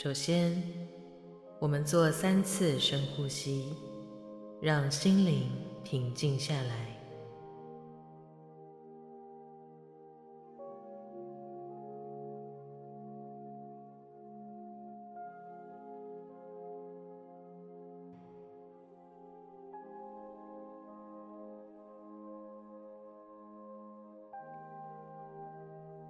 首先，我們做三次深呼吸，讓心靈平靜下來。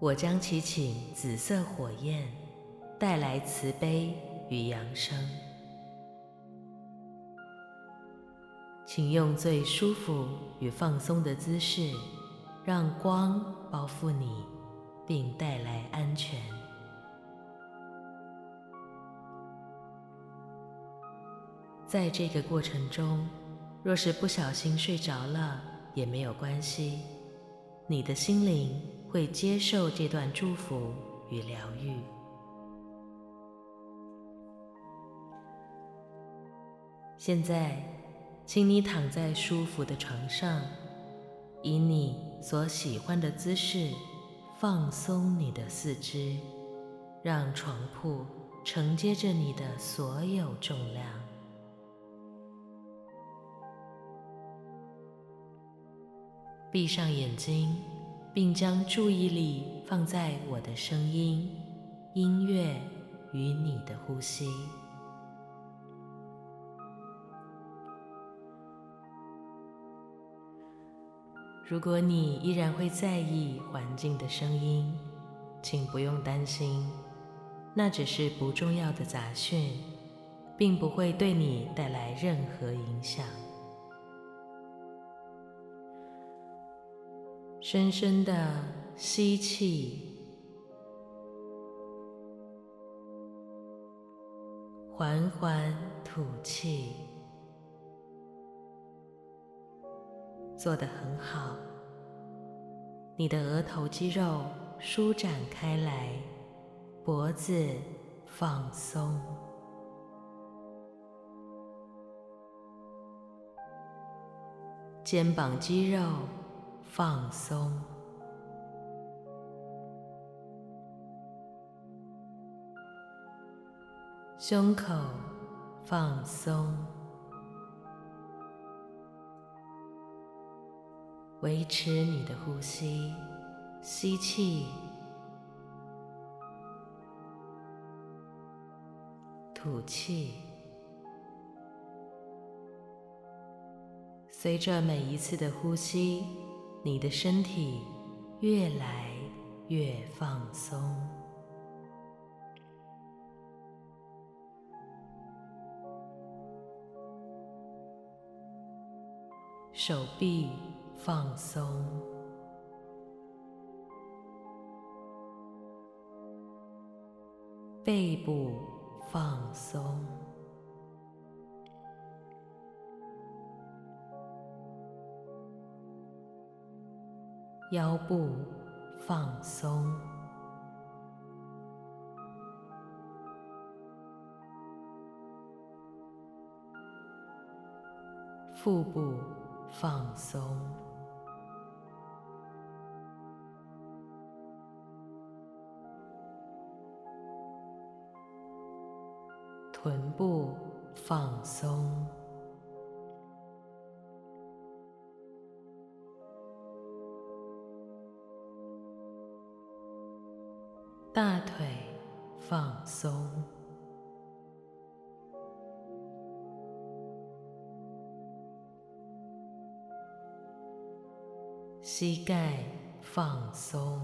我將啟請紫色火焰。帶來慈悲與揚升，請用最舒服與放鬆的姿勢，讓光包覆你，並帶來安全。在這個過程中，若是不小心睡着了也沒有關係，你的心靈會接受這段祝福與療癒。現在，請你躺在舒服的床上，以你所喜歡的姿勢放鬆你的四肢，讓床鋪承接着你的所有重量。閉上眼睛，並將注意力放在我的聲音、音樂與你的呼吸。如果你依然會在意環境的聲音，請不用擔心，那只是不重要的雜訊，並不會對你帶來任何影響。深深的吸氣，緩緩吐氣。做得很好，你的額頭肌肉舒展開來，脖子放鬆，肩膀肌肉放鬆，胸口放鬆。維持你的呼吸，吸氣，吐氣。隨着每一次的呼吸，你的身體越來越放鬆，手臂。放鬆背部，放鬆腰部，放鬆腹部。放鬆，臀部放鬆，大腿放鬆。膝蓋放鬆，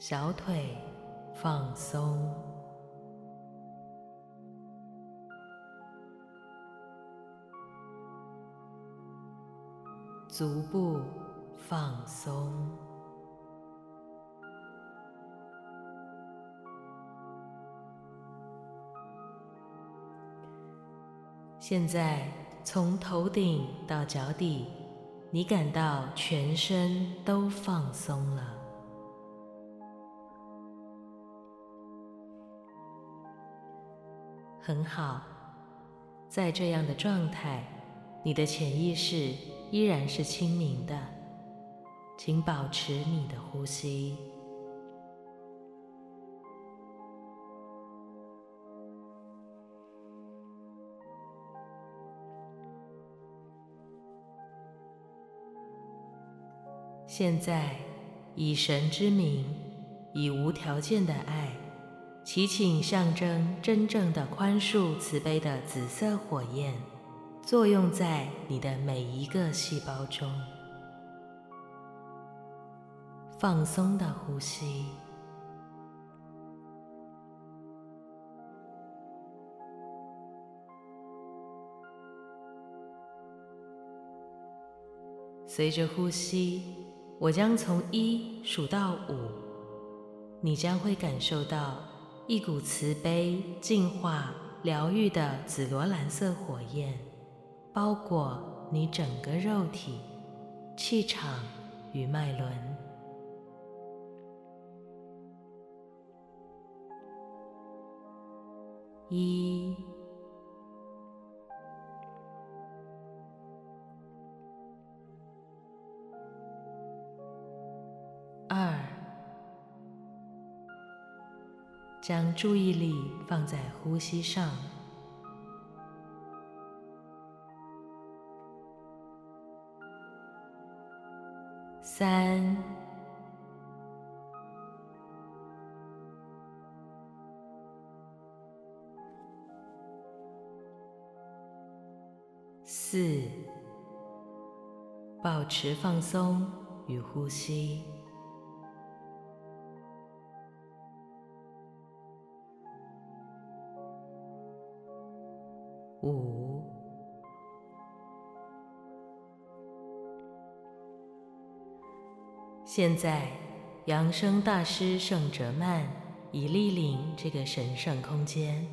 小腿放鬆，足部放鬆。現在從頭頂到腳底，你感到全身都放鬆了，很好。在這樣的狀態，你的潛意識依然是清明的，請保持你的呼吸。現在，以神之名，以無條件的愛，祈請象徵真正的寬恕、慈悲的紫色火焰作用在你的每一個細胞中。放鬆的呼吸，隨着呼吸。我將從一數到五，你將會感受到一股慈悲、淨化、療癒的紫羅蘭色火焰，包裹你整個肉體、氣場與脈輪。一。將注意力放在呼吸上。三、四，保持放鬆與呼吸。五，現在，揚升大師聖哲曼已蒞臨這個神聖空間，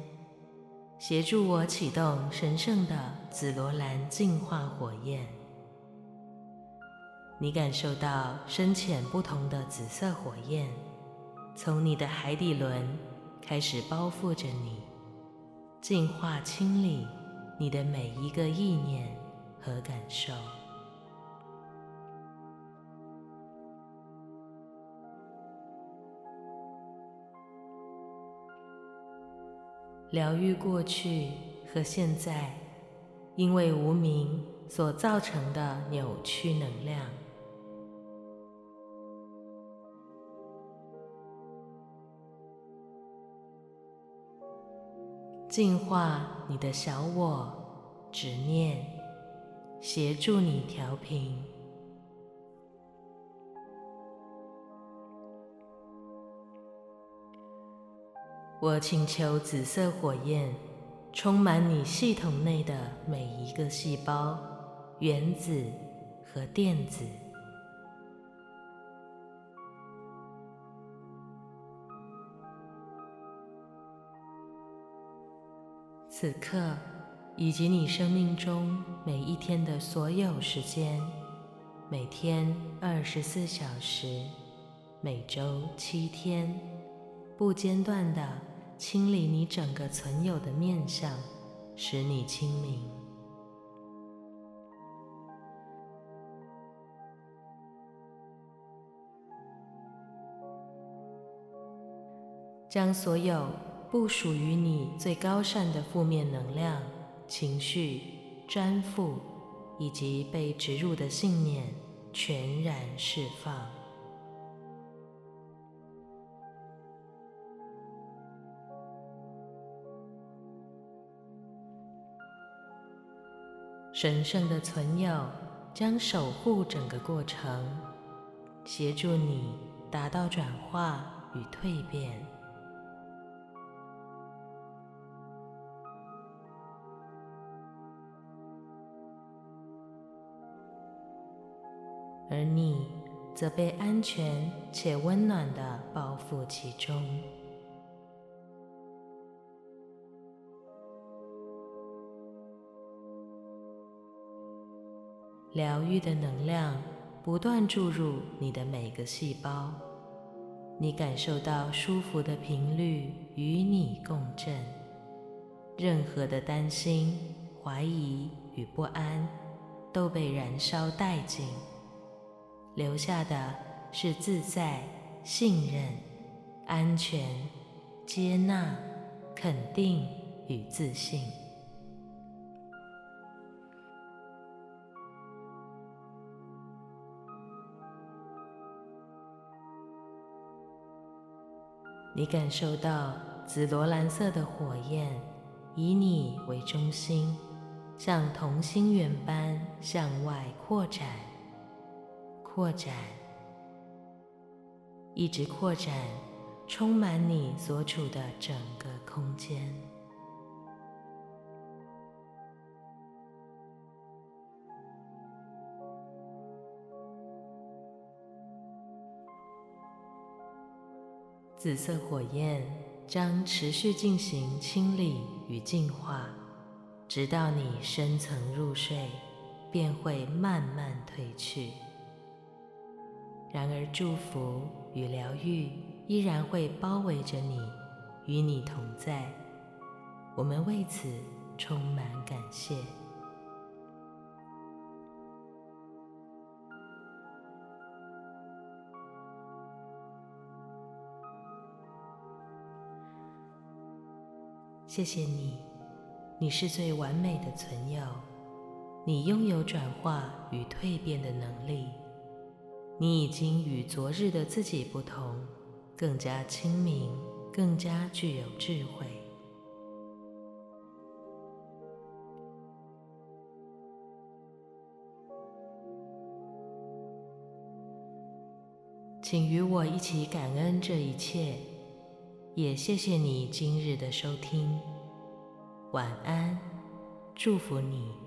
協助我啟動神聖的紫羅蘭淨化火焰。你感受到深淺不同的紫色火焰，從你的海底輪開始包覆着你。淨化、清理你的每一個意念和感受，療癒過去和現在因為無明所造成的扭曲能量。淨化你的小我執念，協助你調頻。我請求紫色火焰充滿你系統內的每一個細胞、原子和電子。此刻，以及你生命中每一天的所有時間，每天二十四小時，每周七天，不間斷地清理你整個存有的面向，使你清明，將所有。不屬於你最高善的負面能量、情緒、粘附以及被植入的信念，全然釋放。神聖的存有將守護整個過程，協助你達到轉化與蛻變。而你則被安全且溫暖地包覆其中，療癒的能量不斷注入你的每個細胞，你感受到舒服的頻率與你共振，任何的擔心、懷疑與不安都被燃燒殆盡。留下的是自在、信任、安全、接納、肯定與自信。你感受到紫羅蘭色的火焰，以你為中心，像同心圓般向外擴展。擴展，一直擴展，充滿你所處的整個空間。紫色火焰將持續進行清理與淨化，直到你深層入睡，便會慢慢褪去。然而，祝福與療癒依然會包圍着你，與你同在。我們為此充滿感謝。謝謝你，你是最完美的存有，你擁有轉化與蛻變的能力。你已經與昨日的自己不同，更加清明，更加具有智慧。請與我一起感恩這一切，也謝謝你今日的收聽。晚安，祝福你。